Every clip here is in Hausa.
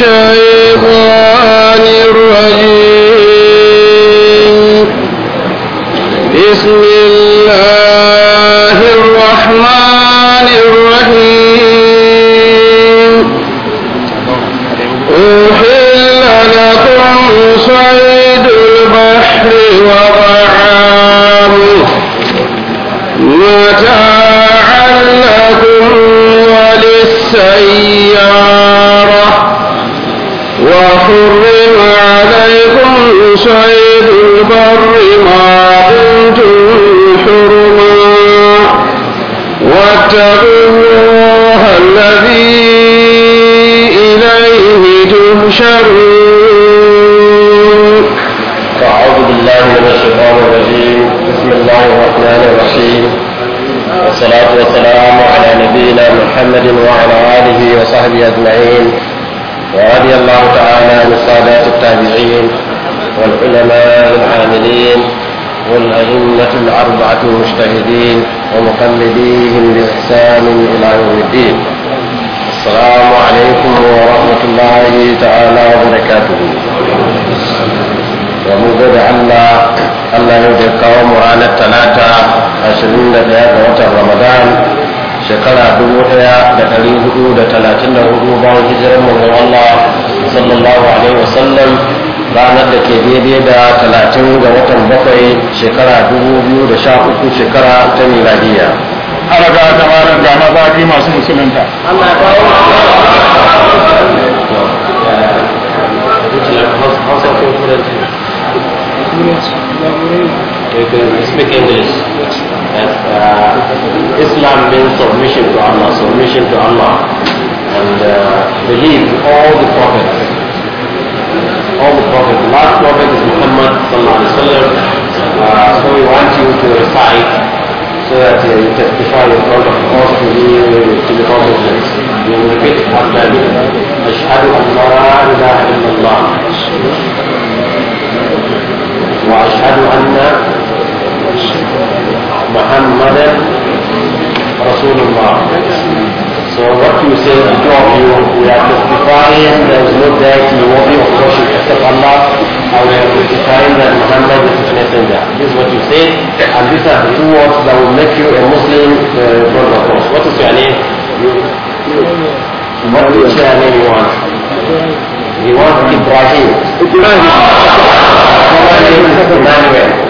شيء shekara dubu biyu da sha uku shekara ta miladiya Ana ga ta marar ga mazaji masu musulunta You can speak English. Yes, uh, Islam means submission to Allah, submission to Allah, and uh, believe all the prophets. All the prophets. The last prophet is Muhammad sallallahu alaihi wasallam. so we want you to recite so that uh, you testify in front of us to the, to the You will repeat after me. أشهد أن لا إله إلا الله وأشهد أن محمدا رسول الله So what you say, the two of you, we are testifying there is no deity worthy of worship except Allah I will define that Muhammad is his messenger. This is what you say, and these are the two words that will make you a Muslim uh, from the cross. What is your name? You, you, what is your name you want? You want Ibrahim. Ibrahim. Immanuel.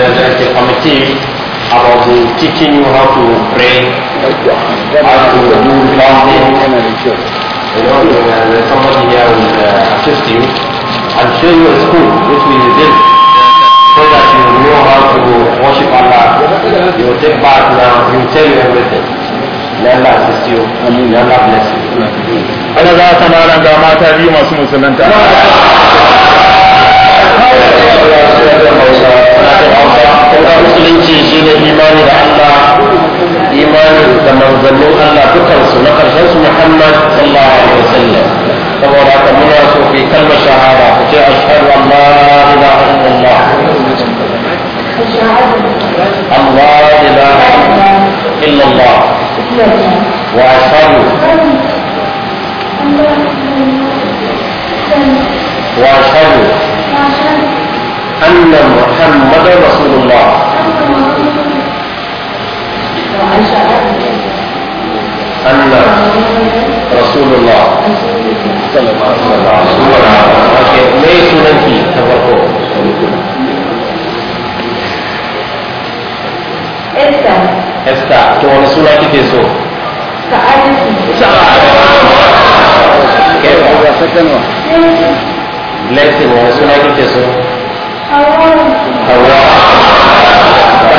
there is a committee about the teaching you how to pray, how to do fasting. You know, there's somebody here will assist you and show you a school which we did so that you know how to worship Allah. You will take back now, you will tell you everything. may Allah assist you amin may Allah bless you Allah za ta mara ga mata biyu masu musulunta musulunci shi ne imani da Allah imani da manzannin Allah dukansu na karshen su Muhammad sallallahu alaihi wasallam saboda haka muna so ku yi kalmar shahada ku ce ashhadu an la ilaha illallah Allah ilaha illallah وأشهد وأشهد أن محمدا رسول الله أن رسول الله صلى الله عليه وسلم मैं ليس की खबर को एक esta to wani sura kike so Lati wani suna kike so? Hawa. Allah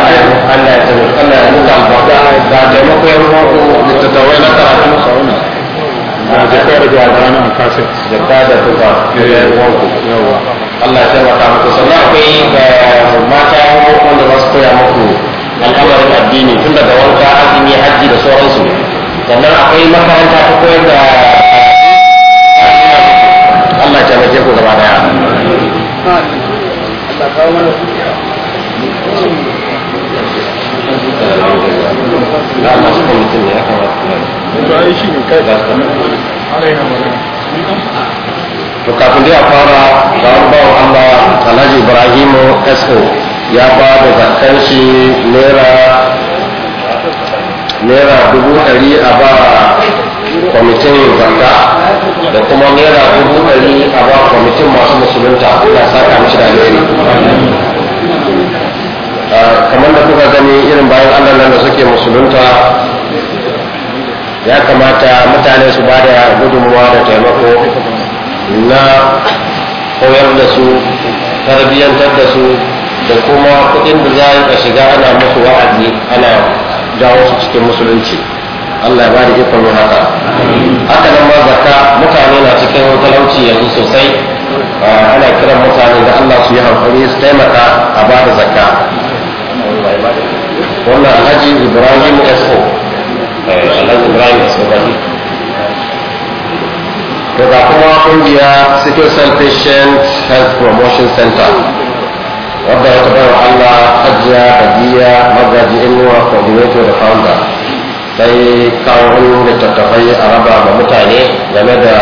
ya tabbata Allah ya nuna amfata da taimako ya ruwa ko littattafai na karatu sauna. Da jaka da jagana a kaset. Jaka da tuka ya wanku. Allah ya tabbata muku sannan akwai mata wanda za su koya muku addini tun daga wanka azumi hajji da sauransu sannan akwai makaranta ta koyar da Allah ya taimake ku gaba daya to kafin dai a fara Alhaji Ibrahimu Esko ya ba da zakkan shi naira naira dubu ɗari a ba kwamitin zanga da kuma naira dubu ɗari a ba kwamitin masu musulunta na saka mishi da alheri ah, kamar da kuka gani irin bayan allah nan da suke musulunta ya kamata mutane su ba da gudunmuwa da taimako na koyar da su tarbiyyantar da su da kuma kudin da za a shiga ana musu wa'azi ana jawo su cikin musulunci Allah ya bada ikon yin haka haka nan ma zakka mutane na cikin talauci yanzu sosai ah, ana kiran mutane da Allah su yi hankali su taimaka a da zakka wannan alhaji ibrahim so eh, alhaji ibrahim so bari to ga kuma kungiya sickle cell patient health promotion center wadda ya wata wa Allah hajiya badiya magaji inuwa coordinator da founder sai kawo littattafai a raba ga mutane game da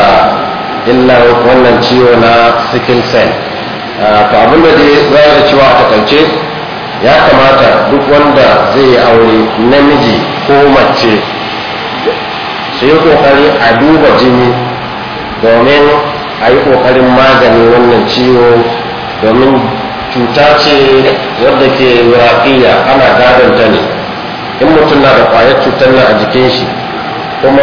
illar wannan ciwo na sickle cell ah, to abin da dai za da cewa a takance ya kamata duk wanda zai yi aure namiji ko mace su yi kokari a duba jini domin a yi kokarin magani wannan ciwo domin cuta ce wadda ke wurafiya ana ta ne in mutum na da kwayar cutar na a jikin shi kuma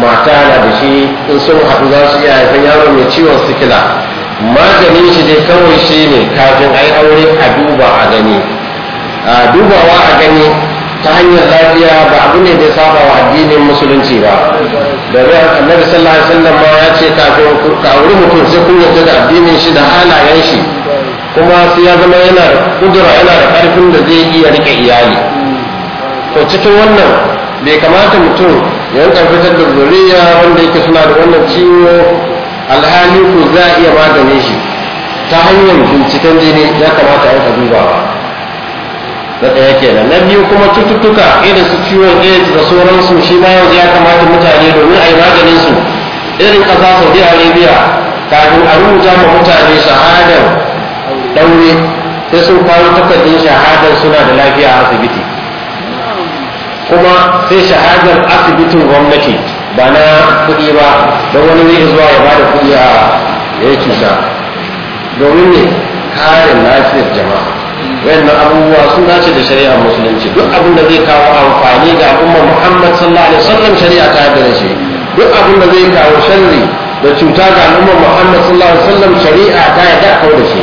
mata na da shi in sun haɗu za su iya haifin yaro mai ciwon sikila maganin shi dai kawai shi ne kafin a yi aure a duba a gani a dubawa a gani ta hanyar lafiya ba abu ne da saba wa addinin musulunci ba domin annabi sallallahu alaihi wasallam ma ya ce kafin ka aure mutum sai kun yarda da addinin shi da halayen shi kuma sai ya zama yana da kudura yana da karfin da zai iya rike iyali to cikin wannan bai kamata mutum ya yanka fitar da zuriya wanda yake suna da wannan ciwo alhali ko za a iya magane shi ta hanyar binciken jini ya kamata a ba. na ɗaya kenan na biyu kuma cututtuka irin su ciwon aids da sauransu shi ma yau ya kamata mutane domin a yi maganin su irin ƙasa saudi arabia kafin a rubuta ma mutane shahadar daure sai sun faru takardun shahadar suna da lafiya a asibiti kuma sai shahadar asibitin gwamnati ba na kuɗi ba don wani ne zuwa ya bada kuɗi a ya yi cuta domin ne kare lafiyar jama'a wayannan abubuwa sun dace da shari'a musulunci duk abin da zai kawo amfani ga al'ummar muhammad sallallahu alaihi wasallam shari'a ta yarda da shi duk abin da zai kawo sharri da cuta ga al'ummar muhammad sallallahu alaihi wasallam shari'a ta yarda kawai da shi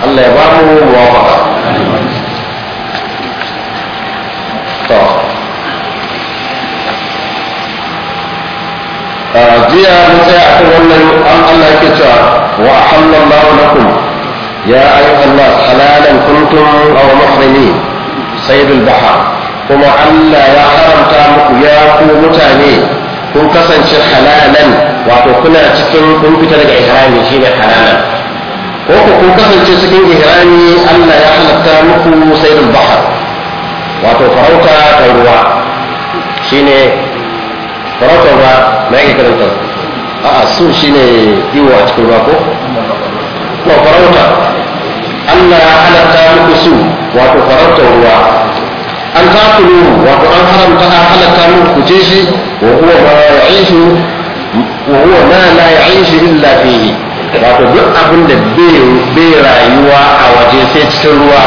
Allah ya ba mu muwafaqa to jiya mun tsaya akan wannan an Allah yake cewa wa ahallallahu lakum ya ayyuhan nas halalan kuntum aw muhrimin saydul bahar kuma Allah ya haramta muku ya ku mutane kun kasance halalan wato kuna cikin kun fita daga ihrami shine halalan ko ku kun kasance cikin ihrami Allah ya halatta muku sayyidul bahar wato farauta ta ruwa shine farauta ba na yake karanta a su shine iwo a cikin ruwa ko ko farauta Allah ya halatta muku su wato farauta ruwa an takulu wato an haramta an halatta muku ku je shi wa huwa ma ya'ishu wa huwa ma la ya'ishu illa fihi wato duk abin da bai rayuwa a waje sai cikin ruwa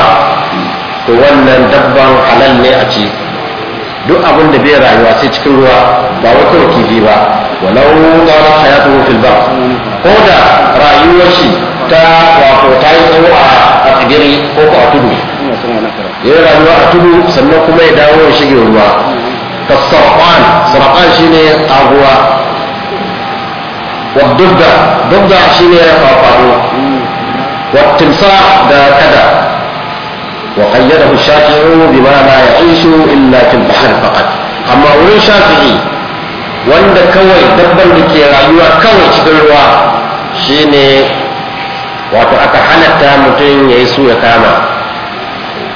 to wannan dabban halal ne a ci duk abin da bai rayuwa sai cikin ruwa ba wata kifi ba walau qala hayatu fil ba ko da rayuwar shi ta wato ta yi tsawo a tsibiri ko a tudu ya rayuwa a tudu sannan kuma ya dawo ya shige ruwa ka sarfan ne aguwa wa dubda shi ne ya faru wa timsa da kada wa qayyadahu shafi'u bima la ya'ishu illa fil bahr faqat amma wurin shafi'i wanda kawai dabban da ke rayuwa kawai cikin ruwa shine wato aka halatta mutum ya yi su ya kama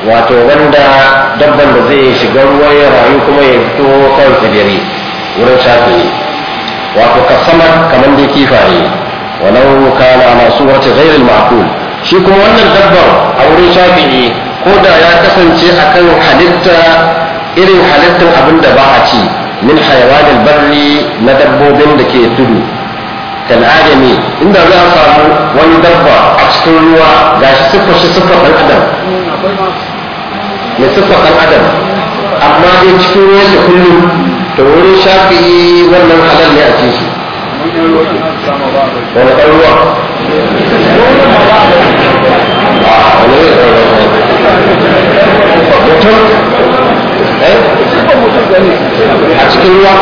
wato wanda dabban da zai shiga ruwa ya rayu kuma ya fito kawai tsibiri wurin shafi'i wato sama kamar dai kifaye walau kana ala surati ghairil ma'qul shi kuma wannan dabbar a wurin shafi'i ko da ya kasance akan halitta irin halittar abinda da ba a ci min hayawanil barri na dabbobin da ke tudu kan adami inda za a samu wani dabba a cikin ruwa shi siffa shi siffa kan adam ya siffa kan adam amma dai cikin ruwa shi kullum to wurin shafi wannan halal ne a cikin su wani ɗan ruwa ah, mutum eh? a cikin ruwa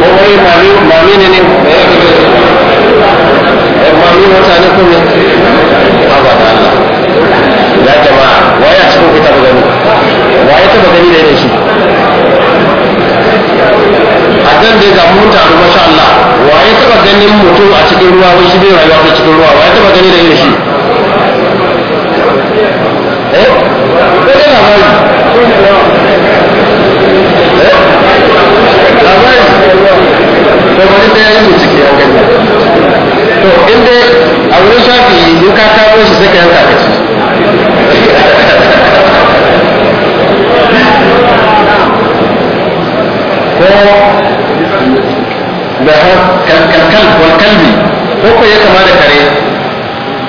kowai mami ne ne eh, mami wata ne kuma ba da Allah jama'a waye cikin taba gani waye taba gani da shi a can dai ga mun taru masha Allah taba ganin mutum a cikin ruwa wai shi bai rayuwa a cikin ruwa taba gani da yake shi eh ko da labari eh? labari to bari sai yayi ciki an gani to inda a wurin shafi in ka kawo shi sai ka yanka ka ci da kankan walkalbi ko ko ya kama da kare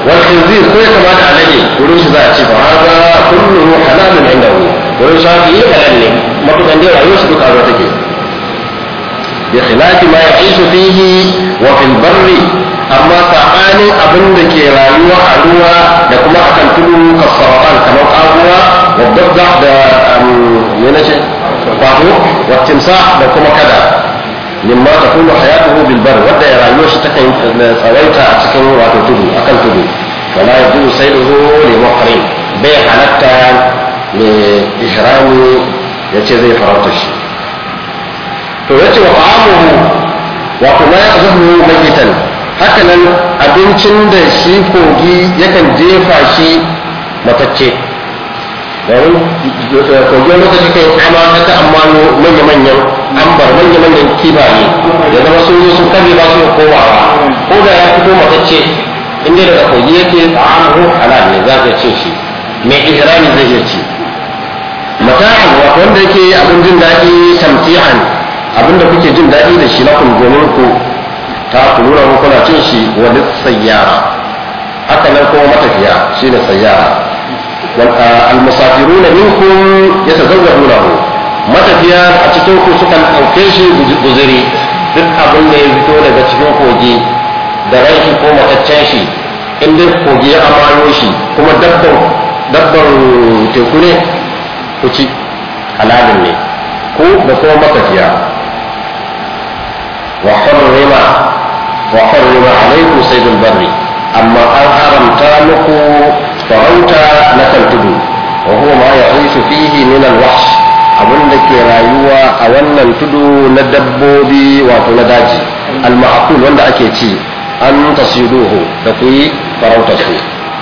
walkinzir ko ya kama da alade wurin shi za a ci ba haza kullu halalun inda hu wurin shafi yi halal ne matukan dai rayuwar shi duka zo take bi khilafi ma ya'ishu fihi wa fil barri amma sabanin abin da ke rayuwa a ruwa da kuma akan tudu kasaraban kamar kaguwa da dabba da yana ce babu da timsa da kuma kada limma ta kuma hayatuhu bil bar wanda ya rayuwa shi ta takan tsawaita a cikin wato tudu akan tudu wala yajuzu sailuhu li muhrim bai halatta ne ihrami yace zai farauta shi to yace wa amuhu wa kuma ya zahu makitan hakanan abincin da shi kogi yakan jefa shi matacce garin kogi lokaci kai kama haka amma manya-manyan ambar manya-manyan kibaye da zama sun yi sun karye ba su kowawa ko da ya fito matacce inda daga kogi yake ta'amu halal ne za ka ce shi mai ihrami zai iya ci mata'an wato wanda yake abin jin daɗi tamti'an abinda kuke jin daɗi da shi na kun ku ta kulura kuna cin shi wa sayyara haka nan kuma matafiya shine sayyara wal almusafirun minkum yatazawwajunahu matafiya a cikin ku sukan dauke shi guzuri duk abin da ya fito daga cikin kogi da ranki ko mataccen shi inda dai kogi ya shi kuma dabban dabban teku ne ku ci halalin ne ko da kuma matafiya wa harrima wa harrama alaikum saydul barri amma an haramta muku farauta na kan tudu wa huwa ma ya'isu fihi min al-wahsh abin da ke rayuwa a wannan tudu na dabbobi wato na daji al wanda ake ci an tasiduhu da ku yi farautar su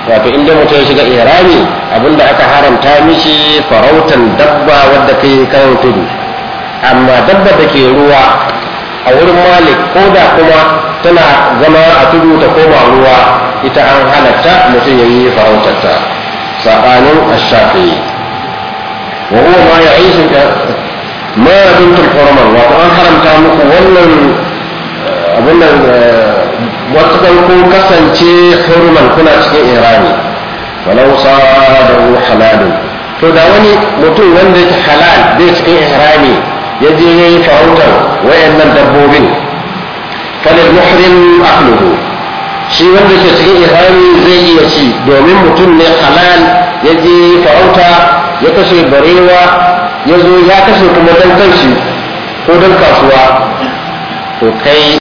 wato inda mutum ya shiga irami abinda aka haramta mishi farautan dabba wadda yi kan tudu amma dabba da ke ruwa a wurin malik ko da kuma tana zama a tudu ta koma ruwa ita an halatta mutum ya yi farautarta saɓanin ashafi wa huwa ma ya yi sun ma bintul hurmar wato an haramta muku wannan eh, abin nan wata eh, kun kasance hurman kuna cikin irani walau sara da halalun to da wani mutum wanda yake halal bai cikin ihrami ya je ya yi farautar wayannan dabbobin falil muhrim akluhu shi wanda ke cikin ihrami zai iya ci domin mutum ne halal ya je farauta ya kashe barewa ya zo ya kashe kuma don kanshi ko don kasuwa to kai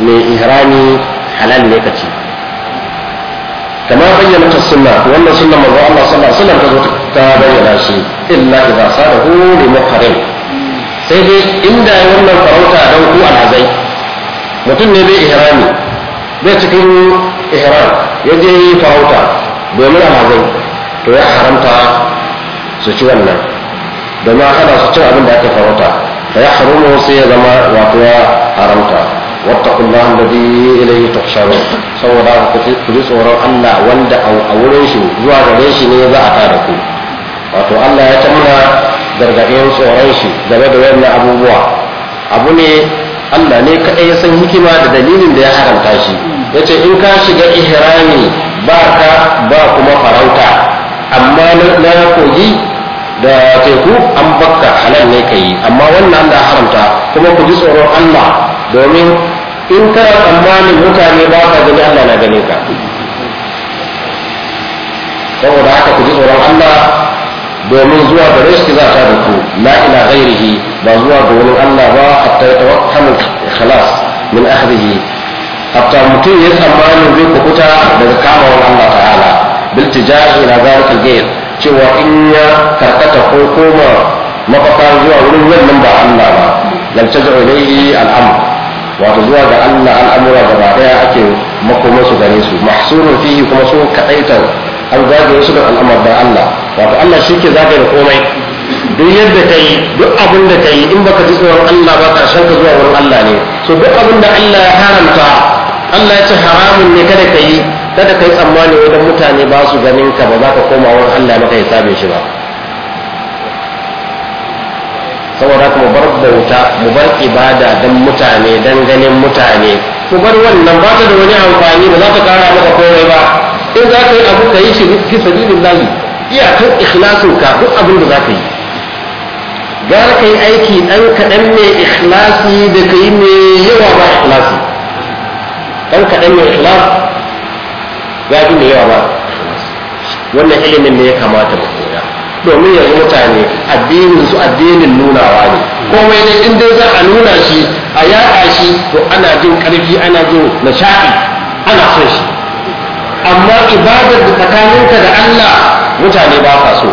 mai ihrami halal ne ka ci كما بينت السنة وأن سنة من الله صلى الله عليه وسلم تبين شيء إلا إذا sai dai inda ya wannan farauta don ku alhazai mutum ne bai ihrami bai cikin ihram ya je yi farauta domin alhazai to ya haramta su ci wannan domin a su cin abin da aka farauta fa ya haramu sai ya zama wato ya haramta واتقوا الله الذي اليه saboda haka ku ji tsoron Allah wanda a wurin shi zuwa gare shi ne za a tada ku wato Allah ya tamma gargaɗin tsoron shi game da wannan abubuwa abu ne Allah ne kaɗai ya san hikima da dalilin da ya haramta shi ya ce in ka shiga ihrami ba ka ba kuma farauta amma na kogi da teku an bakka halal ne ka yi amma wannan da haramta kuma ku ji tsoron Allah domin in kana tsammanin mutane ba ka gani Allah na gane ka saboda haka ku ji tsoron Allah domin zuwa gare shi za ta duku la ila ghairihi ba zuwa ga wani Allah ba hatta yatawakkalu ikhlas min akhdihi hatta mutum ya tsammanin zai kukuta daga kamawar Allah ta'ala bil tijahi ila zalika ghair cewa in ya karkata ko koma mafaka zuwa wurin wannan ba Allah ba lam taj'u ilayhi al-amr wato zuwa ga Allah al'amura gaba daya ake makomansu gare su mahsurun fihi kuma su kadaitar an zagaye wasu da al'amar da Allah wato Allah shi ke zagaye da komai duk yadda ta yi duk abin da ta yi in baka ji tsoron Allah ba karshen ka zuwa wurin Allah ne so duk abin da Allah ya haramta Allah ya ce haramun ne kada ka yi kada ka yi tsammani wajen mutane ba su ganin ka ba za ka koma wurin Allah maka ya shi ba saboda kuma, mu bar bauta mu bar ibada don mutane don ganin mutane ku bar wannan ba ta da wani amfani ba za ta kara maka komai ba in za ka yi abu ka yi shi fi sabilin lahi kan ikhlasin ka duk abin da za ka yi gara ka yi aiki ɗan kaɗan mai ikhlasi da ka yi mai yawa ba ikhlasi ɗan kaɗan mai ikhlas ya fi mai yawa ba wannan ilimin ne ya kamata mu koya domin yanzu mutane addinin su addinin nunawa ne komai ne in dai za a nuna shi a yaƙa shi to ana jin ƙarfi ana jin nishaɗi ana son shi amma ibadar da tsakaninka da Allah mutane ba ka so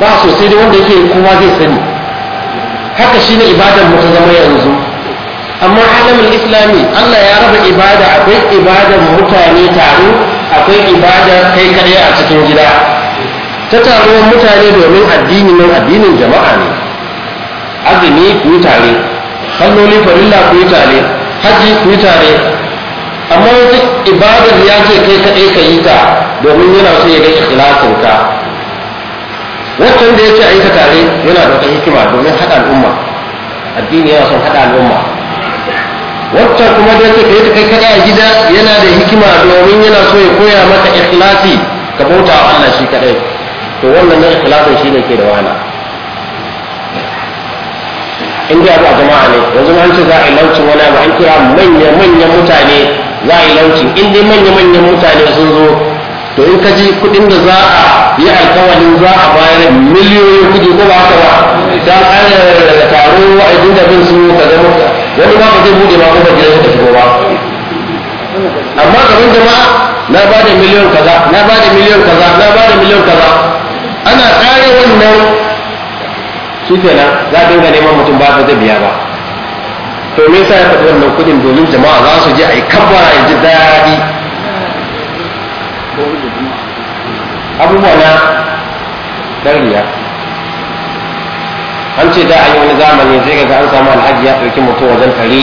ba so sai dai wanda yake kuma zai sani haka shine ibadar mu ta zama yanzu amma alamin islami Allah ya raba ibada akwai ibadar mutane taro akwai ibadar kai kare a cikin gida ta taruwar mutane domin addini nan addinin jama'a ne azumi ku yi tare salloli farilla ku yi tare Haji ku yi tare amma wata ibadar ya ce kai kaɗai ka yi ta domin yana so ya ga ikhlasin ka wancan da ya ce a yi ta tare yana da wata hikima domin haɗa al'umma addini yana son haɗa al'umma wacce kuma da yake kai kai kaɗai a gida yana da hikima domin yana so ya koya maka ikhlasi ka bauta wa Allah shi kaɗai. to wannan na ikhlasin shi ne ke da wahala in dai abu a jama'a ne yanzu an ce za a yi wani abu an kira manya manyan mutane za a yi lauci in dai manya-manyan mutane sun zo to in ka ji kuɗin da za a yi alkawarin za a bayar miliyoyin kuɗi ko ba haka ba dan an taro wa'idin da bin su ka zama wani ba zai bude ma ba gidan ka shigo ba amma gaban jama'a na ba da miliyon kaza na ba da miliyon kaza na ba da miliyon kaza ana tsare wannan shi kenan za a dinga neman mutum ba zai biya ba to me yasa ya faɗi wannan kuɗin domin jama'a za su je a yi kabbara ya ji daɗi abubuwa na ɗariya an ce da a yi wani zamani sai ga an samu alhaji ya ɗauki mutum wajen ɗari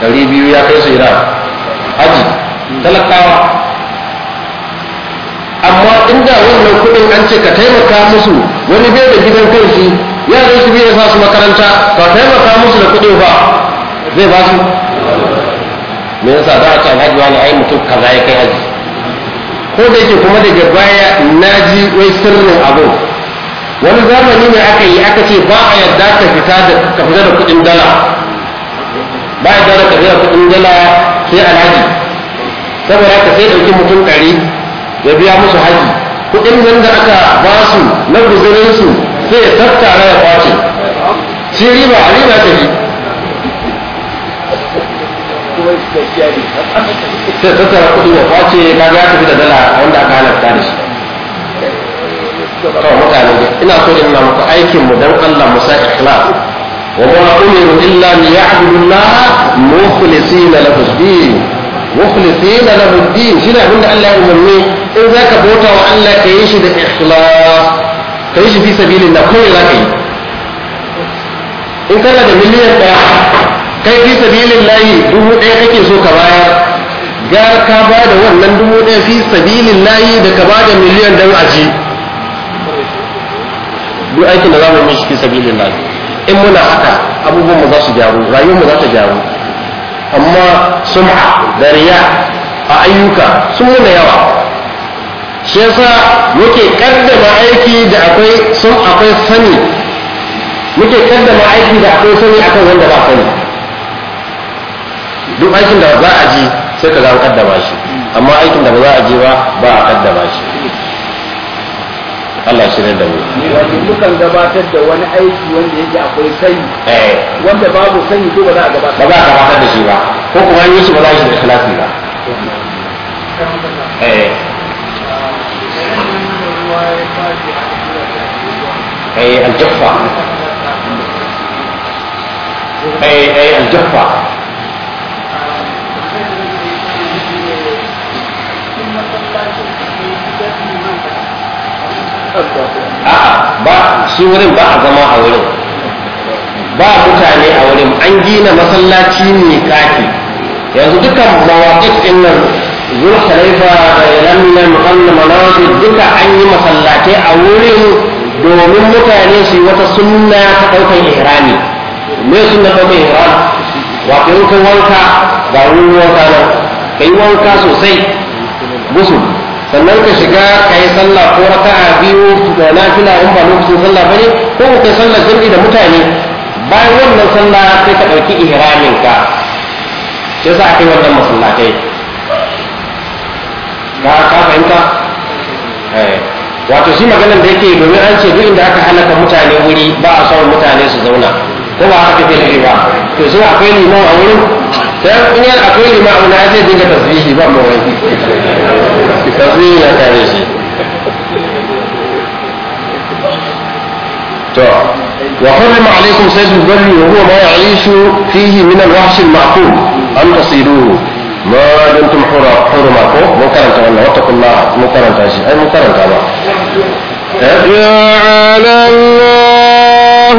ɗari biyu ya kai su iran haji talakawa amma inda wannan kuɗin an ce ka taimaka musu wani bai da gidan kansu shi zai su biya sa su makaranta ka taimaka musu da kudin ba zai ba su me yasa za a ci alhaji wani ai mutum kaza ya kai haji ko da yake kuma daga baya na ji wai sirrin abu wani zamani ne aka yi aka ce ba a yadda ka fita da ka fita da kuɗin dala ba a dara ka fita da kuɗin dala sai alhaji saboda ka sai ɗauki mutum ɗari ya biya musu haji kuɗin nan da aka ba su na guzurinsu sai ya tattara ya kwace shi riba riba ta sai tattara kuɗi ya kwace ka ga tafi da dala wanda aka halarta da shi to mutane ina so in na muku aikin mu dan Allah mu sa ikhlas wa ma umiru illa li ya'budu Allah mukhlisina lahu din mukhlisina lahu din shi ne abinda Allah ya umarni in zaka bauta wa Allah ka yi shi da ikhlas ka yi shi fi sabilillah ko ya zaka yi in kana da miliyan daya kai fi sabilin layi dubu ɗaya kake so ka bayar gara ka ba da wannan dubu ɗaya fi sabilin layi da ka ba da miliyan don aji duk aikin da za mu yi fi sabilin layi in muna haka abubuwan mu za su gyaru rayuwar mu za ta gyaru amma sum'a da riya a ayyuka sun muna yawa shi yasa muke kaddama aiki da akwai sun akwai sani muke kaddama aiki da akwai sani akan wanda ba sani duk aikin da za a ji sai ka za kaddama shi amma aikin da ba za a ji ba ba a kaddama shi Allah shi ne da mu wato dukan gabatar da wani aiki wanda yake akwai sani eh. wanda babu sani ko ba za a gabatar ba za a gabatar da shi ba ko kuma an yi shi ba za a yi shi da ikhlasi ba eh, eh. eh aljaffa eh eh aljaffa a'a ba shi wurin ba a zama a wurin ba mutane a wurin an gina masallaci ne kafi yanzu duka mawaƙif ɗin nan zuwa halifa da yalanna muhammad manawati duka an yi masallatai a wurin domin mutane su yi wata sunna ta ɗaukar ihrami me suna ɗaukar ihrami wato in wanka ga wurin wanka nan ka yi wanka sosai gusul sannan ka shiga ka yi sallah ko a biyu da nafila in ba lokacin sallah ne? ko ka kai sallah jirgi da mutane bayan wannan sallah sai ka ɗauki ihramin ka shi a kai wannan masallatai ka ka fahimta eh. wato shi maganar da yake domin an ce duk inda aka halaka mutane wuri ba a son mutane su zauna ko ba haka ke ba to sai akwai limon a wurin sai in akwai limon a wurin zai dinga tasbihi ba mawai وحرم عليكم سيد البر وهو ما يعيش فيه من الوحش المعقول أن تصيدوه ما دمتم حرمكم مكرم تولى واتقوا الله مكرم تاشي أي مكرم تابع جعل الله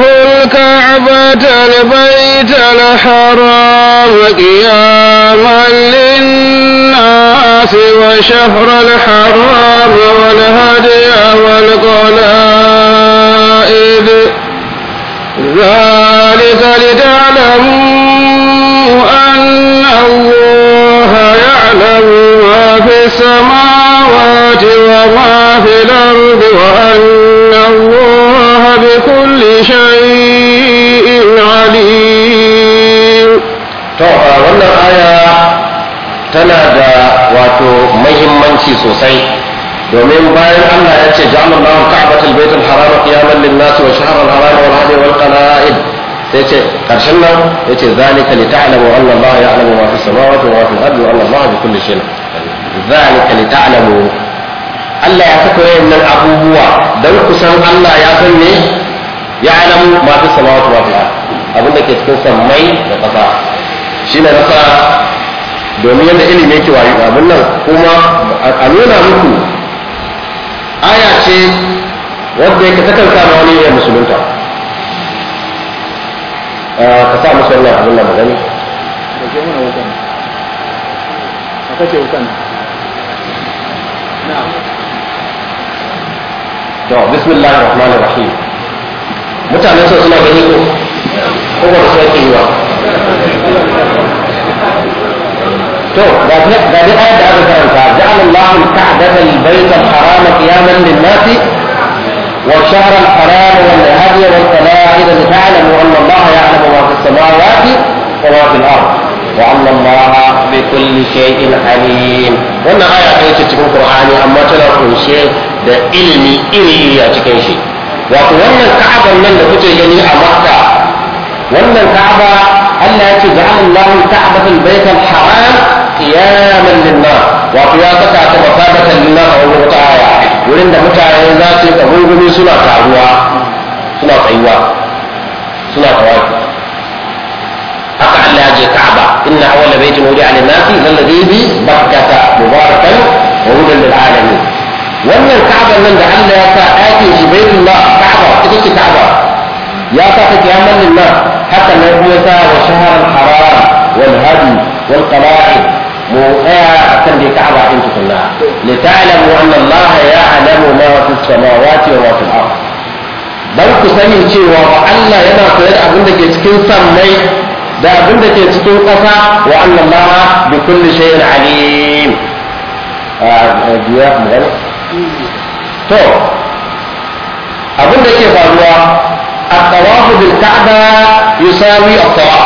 الكعبة وفات البيت الحرام قياما للناس وشهر الحرام والهدي والقلائد ذلك لتعلموا أن الله يعلم ما في السماوات وما في الأرض وأن الله بكل شيء عليم to wannan aya tana da wato mahimmanci sosai domin bayan Allah ya ce ja'alna Allahu ka'batal baitul harama qiyaman lin-nas wa shahran harama wal hadi wal qala'id sai ce karshen nan yace zalika li ta'lamu anna Allah ya'lamu ma fis samawati wa ma fil ardi wa anna Allah bi kulli shay'in zalika li ta'lamu Allah ya saka wayannan abubuwa dan kusan Allah ya san ne ya'lamu ma fi samawati wa fil ard abin da ke cikin sammai da ƙasa na nasa domin yadda ilimi yake wayo abin nan kuma a nuna muku aya ce wadda yake ta kanka na wani ya musulunta ah, ka sa musu wannan abin nan magani بسم الله الرحمن الرحيم mutanen su suna gani ko ko ba su yake yiwa to ga ne ga ne ayat da aka karanta ja'ala Allahu al-ka'bata al-bayta al-harama qiyaman lin-nas wa shahra al-haram wa wal-hadiya al qalaid li-ta'lamu anna Allah ya'lamu ma fi as-samawati wa ma fi al-ard wa anna Allah bi kulli shay'in alim wannan aya ce cikin Qur'ani amma tana kunshe da ilimi iri a cikin shi wato wannan ka'abar nan da kuke gani a makka wannan ka'aba Allah ya ce ja'ala Allahu ka'abatul baitul haram qiyaman lillah wato ya saka ta mafadatan lillah wa a ta'ala wurin da mutane za su yi kabungumi suna taruwa suna tsayuwa suna tawafi haka Allah ya ce ka'aba inna awwala baytin wudi'a lin nasi alladhi bi bakkata mubarakan wa hudan lil-alamin wannan ka'aba nan da Allah ya sa ake shi baitullah ka'aba ita ce ka'aba ya sa ta kiyaman lillah haka ne ya sa wa shahar haram wal hadi wal qala'i mu tsaya akan da ka'aba din tukunna li ta'lamu anna Allah ya'lamu ma fi samawati wa ma fi al-ard dan ku sani cewa Allah yana koyar abin da ke cikin sammai da abin da ke cikin ƙasa wa anna Allah bi kulli shay'in alim a biya magana to abin da ke faruwa a الطواف بالكعبة يساوي الطواف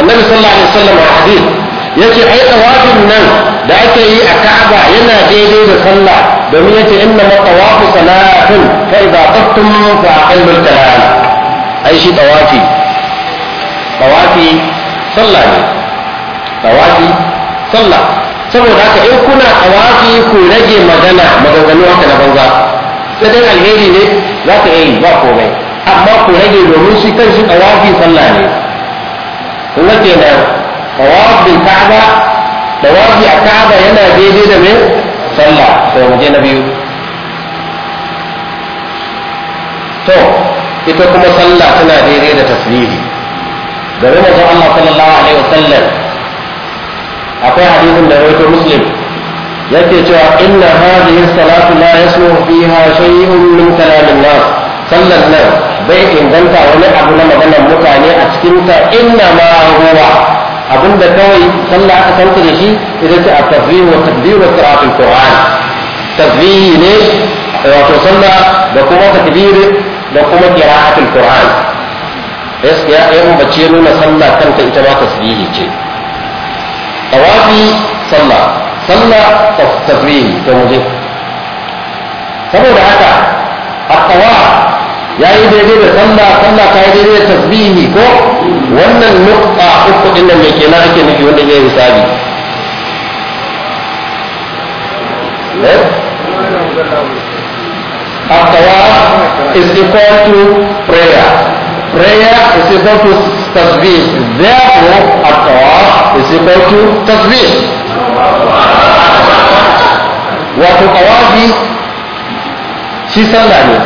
النبي صلى الله عليه وسلم حديث yace ai tawafin nan da ake yi a Ka'aba yana daidai da sallah domin yace inna ma tawafu salatun fa idza taftum fa aqimul kalam ai shi tsawafi tsawafi sallah ne tsawafi sallah saboda haka in kuna tawafi ku rage magana maganganu haka na banza sai dai alheri ne za ka yi ba komai amma ku rage domin shi kan shi tawafi sallah ne kun ga kenan tawafin ka'aba tawafi a ka'aba yana daidai da mai sallah to mu je na biyu to ita kuma sallah tana daidai da tasbihi gare manzon Allah sallallahu alaihi wasallam akwai hadisin da rawaito muslim yake cewa inna hadhihi salatu la yasmu fiha shay'un min kalamin nas sallan nan bai inganta wani abu na maganar mutane a cikin ta inna ma huwa abinda kawai sallah aka santa da shi ita ce a tazwih wa tadbir wa qira'atul qur'an tazwih ne wato sallah da kuma tadbir da kuma qira'atul qur'an gaskiya ya umarce nuna sallah kanta ita ma tasbihi ce tawafi sallah sallah tafsirin da waje saboda haka at ya yi daidai da sallah sallah ta yi daidai da tasbihi ko wannan nukta uku din nan me kenan ake nufi wanda zai hisabi eh? at-tawa is equal to prayer prayer is equal to tasbih Therefore, الطواف is equal to tasbih Wato tawafi shi sallah ne.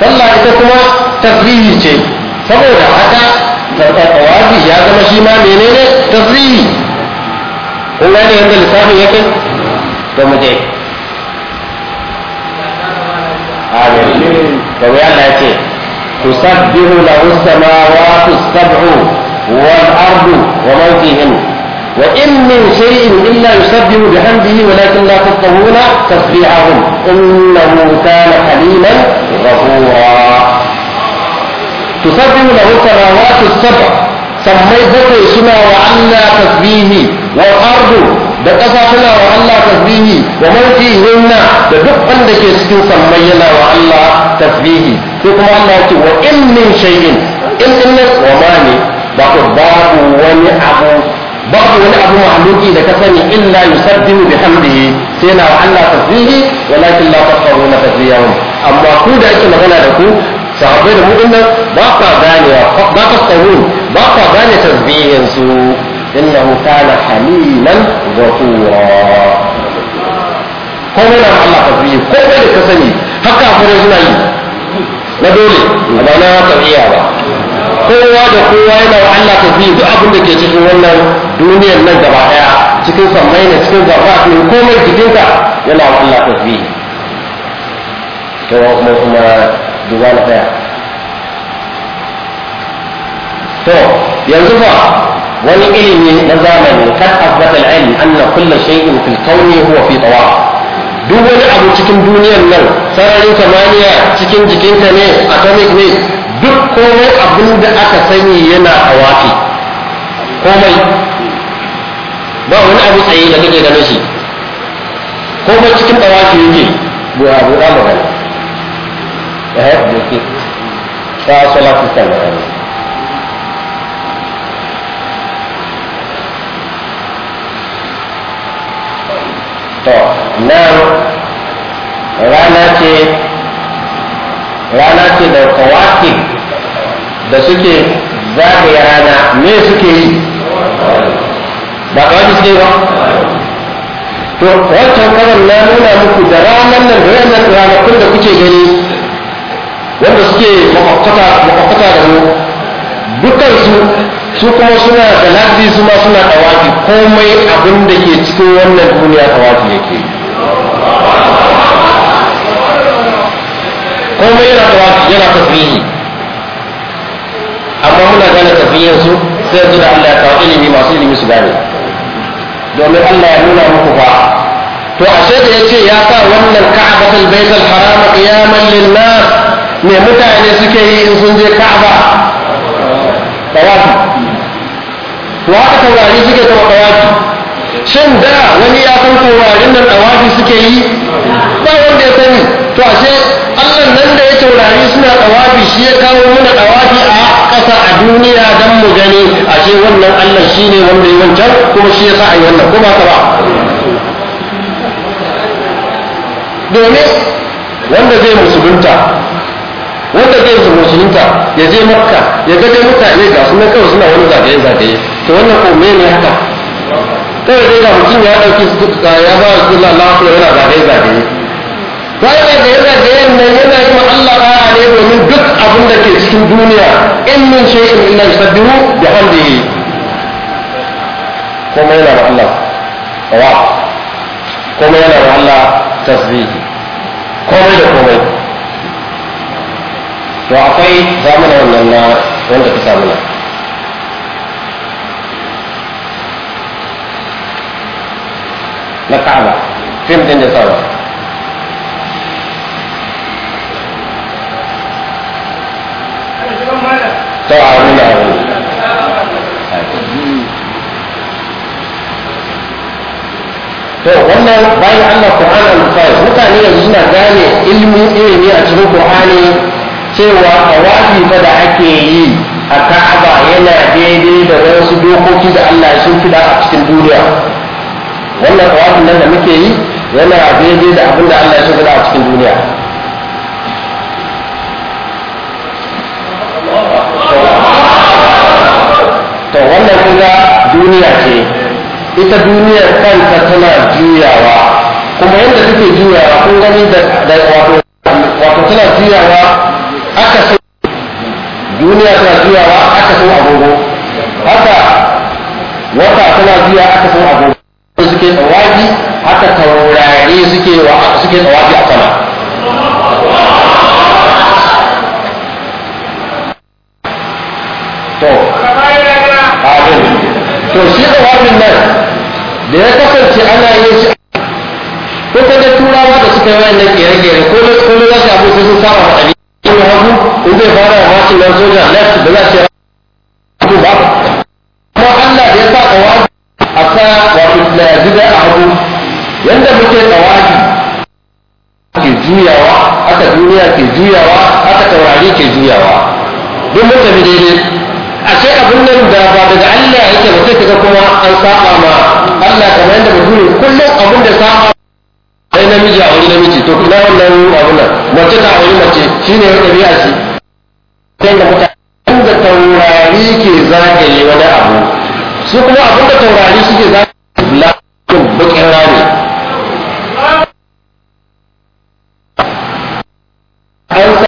Sallah ita kuma tasbihi ce. Saboda haka tawafi ya zama shi ma menene tasbihi. Kun gane yadda lissafin yake? To mu je. Amin. Gaba ya ce, Tusabbihu له samawatu السبع والأرض ومن فيهن وإن من شيء إلا يسبح بحمده ولكن لا تفقهون تسبيحهم إنه كان حليما غفورا تسبح له السماوات السبع سميت بكي سنا وعلا تسبيحي والأرض da ƙasa tana wa Allah tasbihi wa man fihinna da duk wanda ke cikin sammai yana wa Allah tasbihi sai kuma Allah ya ce wa in min shay'in in in wa ma ne wato babu wani abu babu wani abu mahluki da ka sani illa yusabbihu bihamdihi sai na Allah tasbihi walakin la tasawuna tasbihahu amma ku da yake magana da ku sahabbai da mu'minan ba ka gane ba ka tsawon ba ka gane tasbihin su innahu kana halilan ghafura komai na Allah tasbihi komai da ka sani haka kuma suna yi na dole ba na tabiya ba kowa da kowa yana wa Allah tafi duk abin da ke cikin wannan duniyar nan gaba daya cikin sammai ne cikin gaba ne komai jikinka yana wa Allah ta wa kuma kuma duba na daya to yanzu fa wani ilimi na zamani kan asbatal ilmi anna kullu shay'in fil kawni huwa fi tawaf duk wani abu cikin duniyar nan sararin samaniya cikin jikinka ne atomic ne duk komai abin da aka sani yana a wafi komai ba wani abu tsaye da kake ganin shi komai cikin tawafi yake buwa buwa magana ba haif da ke ta salatu ta magana to nan rana ce rana ce da kawaki da suke zagaya rana me suke yi ba kawaki suke ba to wancan karan na nuna muku da ranar nan da ranar ranakun da kuke gani wanda suke makwakwata da mu dukkan su su kuma suna da lafi su ma suna kawaki komai abin da ke cikin wannan duniya kawaki yake yi komai yana tawafi yana tasbihi amma muna gane tasbihin su sai yanzu da Allah ya kawo ilimi masu ilimi su gane domin Allah ya nuna muku fa to ashe da yace ya sa wannan ka'batul baitul haram qiyaman lin me mutane suke yi in sun je ka'aba tawafi to haka taurari suke ta tawafi shin da wani ya san taurarin nan tawafi suke yi ba wanda ya sani to ashe Allah nan da ya taurari suna dawafi shi ya kawo mana dawafi a ƙasa a duniya dan mu gani ashe wannan Allah shine wanda ya wancan kuma shi ya sa ai wannan kuma ka ba domin wanda zai musulunta wanda zai musulunta ya je makka ya ga dai mutane ga su na kawai suna wani zagaye zagaye to wannan ko ne haka kawai dai ga mutum ya ɗauki ya ba su lalata yana zagaye zagaye waɗanda yana da yana yi Allah ne domin duk abin da ke cikin duniya in min shay'in illa yusabbihu bihamdihi kuma yana da Allah wa kuma yana da Allah tasbihi komai da komai to akwai zamana wannan na wanda ta samu na na ka'aba fim din da sawa wannan bayan Allah Qur'an al mutane yanzu suna gane ilmi ilimi a cikin Qur'ani cewa wafi ta da ake yi a Ka'aba yana daidai da wasu dokoki da Allah ya shimfida a cikin duniya wannan tawafin nan da muke yi yana daidai da abin da Allah ya shimfida a cikin duniya ita duniyar kanta tana juyawa kuma yadda take juyawa kun gani da wato wato tana juyawa aka so duniya tana juyawa aka so agogo haka wata tana juya aka so agogo suke tsawaji haka taurari suke wa suke tsawaji a sama to to shi tsawajin nan da ya kasance ana yin shi ko ka ga turawa da suka yi wannan kere-kere ko da kuma za su abu sun sa wa ɗari kuma hagu in zai fara wa mashi nan soja left da za su yi hagu ba kuma Allah ya sa kawa a sa wato na zida a hagu yadda muke tsawaki ke juyawa aka duniya ke juyawa aka taurari ke juyawa duk mutane daidai a ce abin nan da ba daga Allah yake ba sai kaga kuma an saba ma Allah kamar yadda mutum kullum abin da saba sai namiji a wani namiji to kula wannan abu nan mace ta wani mace shine ya ɗabi'a shi sai da mutane da taurari ke zagaye wani abu su kuma abin da taurari suke zagaye lafiyar bakin rami an